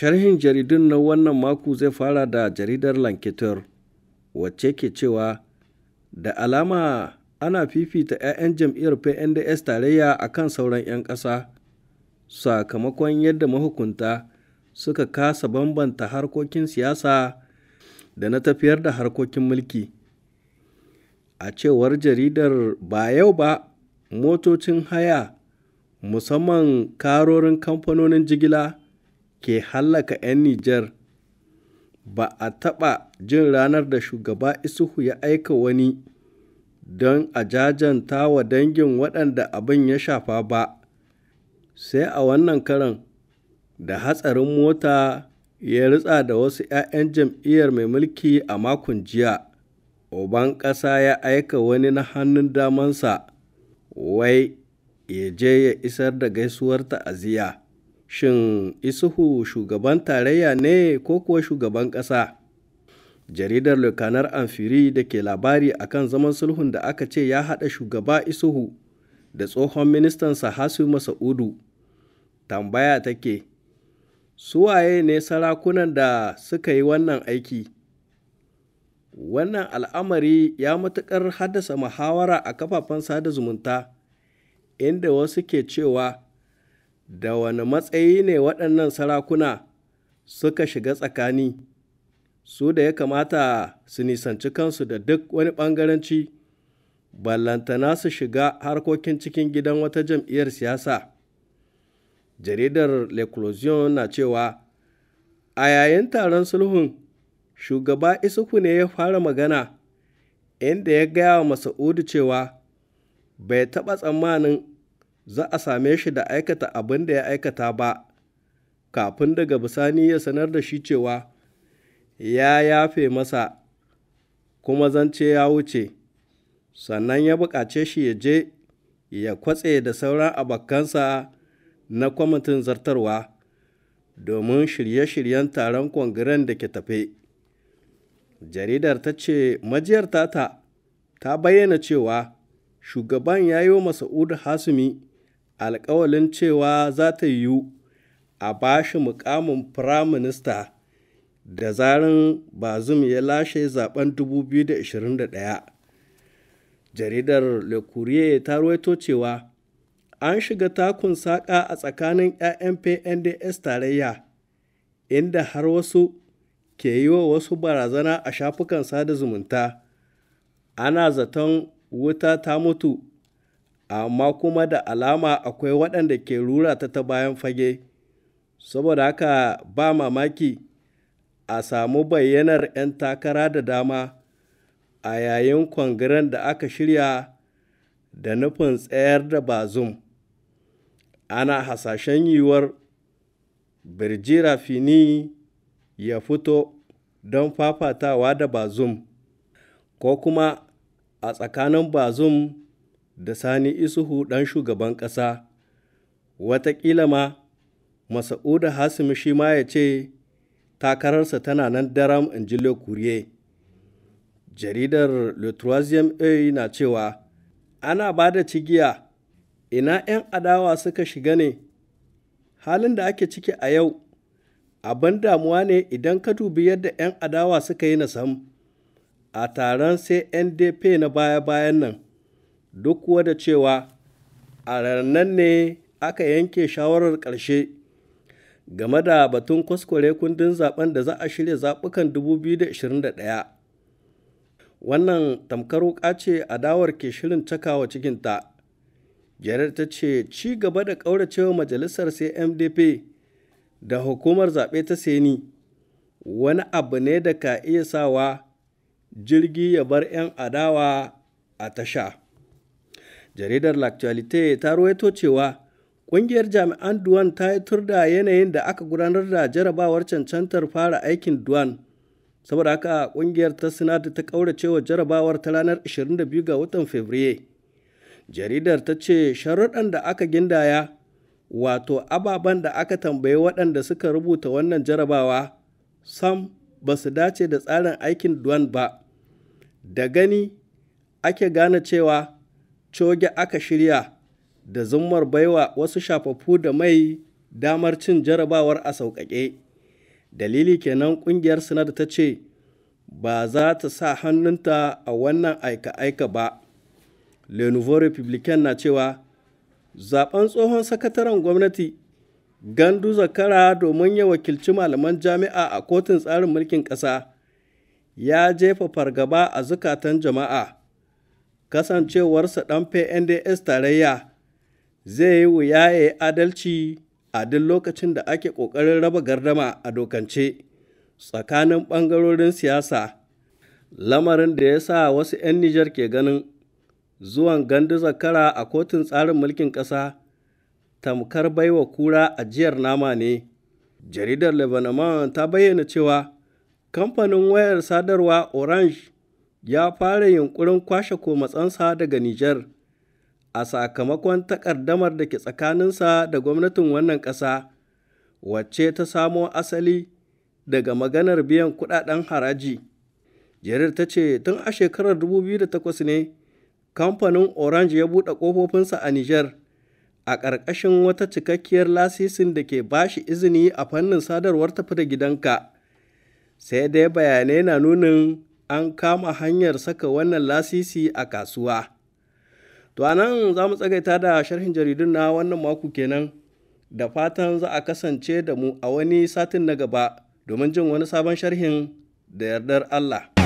Sharhin jaridun na wannan mako zai fara da jaridar Lanketer, wacce ke cewa da alama ana fifita 'ya'yan jam'iyyar PNDS tarayya a kan sauran 'yan ƙasa, sakamakon yadda mahukunta suka kasa bambanta harkokin siyasa da na tafiyar da harkokin mulki. A cewar jaridar ba yau ba, motocin haya, musamman karorin kamfanonin jigila, ke hallaka 'yan Nijar ba a taɓa jin ranar da shugaba Isuhu ya aika wani don a jajanta wa dangin waɗanda abin ya shafa ba, sai a wannan karan da hatsarin mota ya ritsa da wasu 'ya'yan jam'iyyar mai mulki a makon jiya. Oban ƙasa ya aika wani na hannun damansa, wai ya je ya isar da gaisuwar ta'aziyya. shin isuhu shugaban tarayya ne ko kuwa shugaban ƙasa jaridar lokanar amfiri da ke labari akan zaman sulhun da aka ce ya haɗa shugaba isuhu da tsohon ministan hasu masa'udu tambaya take suwaye ne sarakunan da suka yi wannan aiki wannan al'amari ya matuƙar haddasa muhawara a kafafen sada zumunta inda wasu ke cewa da wani matsayi ne waɗannan sarakuna suka shiga tsakani su da ya kamata su nisanci kansu da duk wani ɓangaranci ballantana su shiga harkokin cikin gidan wata jam'iyyar siyasa jaridar l'eclosion na cewa a yayin taron sulhun shugaba isuku ne ya fara magana inda ya gaya wa masa'udu cewa bai taɓa tsammanin za a same shi da aikata abin da ya aikata ba kafin daga bisani ya sanar da shi cewa ya yafe masa kuma zance ya wuce sannan ya buƙace shi ya je ya kwatse da sauran abakansa na kwamitin zartarwa domin shirye-shiryen taron kwangiren da ke tafe jaridar ta ce majiyar tata ta bayyana cewa shugaban ya yi wa masa'udu hasumi alkawalin cewa za ta yiwu a ba shi mukamin firaminista da zarin bazum ya lashe zaben 2021 jaridar le courrier ta ruwaito cewa an shiga takun saƙa a tsakanin 'ya'yan pnds tarayya inda har wasu ke yi wa wasu barazana a shafukan sada zumunta ana zaton wuta ta mutu amma kuma da alama akwai waɗanda ke rura ta ta bayan fage saboda haka ba mamaki a samu bayyanar 'yan takara da dama a yayin kwangiren da aka shirya da nufin tsayar da bazum ana hasashen yiwuwar birjira fini ya fito don fafatawa da bazum ko kuma a tsakanin bazum da Sani Isuhu ɗan shugaban ƙasa, wataƙila ma Masa'uda Hasim shi ma ya ce takararsa tana nan daram in ji Le Jaridar Le Troisième na cewa ana ba da cigiya ina 'yan adawa suka shiga ne halin da ake ciki a yau abin damuwa ne idan ka dubi yadda 'yan adawa suka yi na sam a taron sai ndp na baya-bayan nan duk kuwa cewa a ranar ne aka yanke shawarar ƙarshe game da batun kwaskware kundin zaben da za a shirya zaɓukan 2021 wannan tamkar wuka ce adawar ke shirin cakawa cikinta jarar ta ce ci gaba da ƙauracewa majalisar CMDP da hukumar zaɓe ta seni wani abu ne da ka iya sawa jirgi ya bar 'yan adawa a tasha. jaridar l'actualité ta ruwaito cewa ƙungiyar jami'an duwan ta yi tur da yanayin da aka gudanar da jarabawar cancantar fara aikin duwan saboda haka ƙungiyar ta sinadu ta kauracewa jarabawar ta ranar 22 ga watan fabriye jaridar ta ce sharuɗan da aka gindaya wato ababen da aka tambayi waɗanda suka rubuta wannan jarabawa sam ba su dace da tsarin aikin duwan ba da gani ake gane cewa coge aka shirya da zummar baiwa wasu shafaffu da mai damar cin jarabawar a sauƙaƙe dalili kenan ƙungiyar sinar ta ce ba za ta sa hannunta a wannan aika-aika ba le nouveau republican na cewa zaben tsohon sakataren gwamnati gandu zakara domin ya wakilci malaman jami'a a kotun tsarin mulkin ƙasa ya jefa fargaba a zukatan jama'a kasancewarsa ɗan PNDS tarayya zai yi wuya ya yi adalci a duk lokacin da ake ƙoƙarin raba gardama a dokance tsakanin ɓangarorin siyasa lamarin da ya sa wasu 'yan Nijar ke ganin zuwan gandu zakara a kotun tsarin mulkin ƙasa tamkar baiwa kura ajiyar nama ne jaridar lebanon ta bayyana cewa kamfanin wayar sadarwa orange ya fara yunƙurin kwashe komatsansa daga Nijar a sakamakon takardamar da ke tsakaninsa da gwamnatin wannan ƙasa, wacce ta samo asali daga maganar biyan kuɗaɗen haraji. Jarir ta ce tun a shekarar 2008 ne kamfanin Orange ya buɗe ƙofofinsa a Nijar a ƙarƙashin wata cikakkiyar lasisin da ke ba shi izini a fannin sadarwar tafi da gidanka. Sai dai bayanai na nunin an kama hanyar saka wannan lasisi a kasuwa. To a nan za mu tsagaita da sharhin jaridun na wannan mako kenan da fatan za a kasance da mu a wani satin na gaba domin jin wani sabon sharhin da yardar Allah.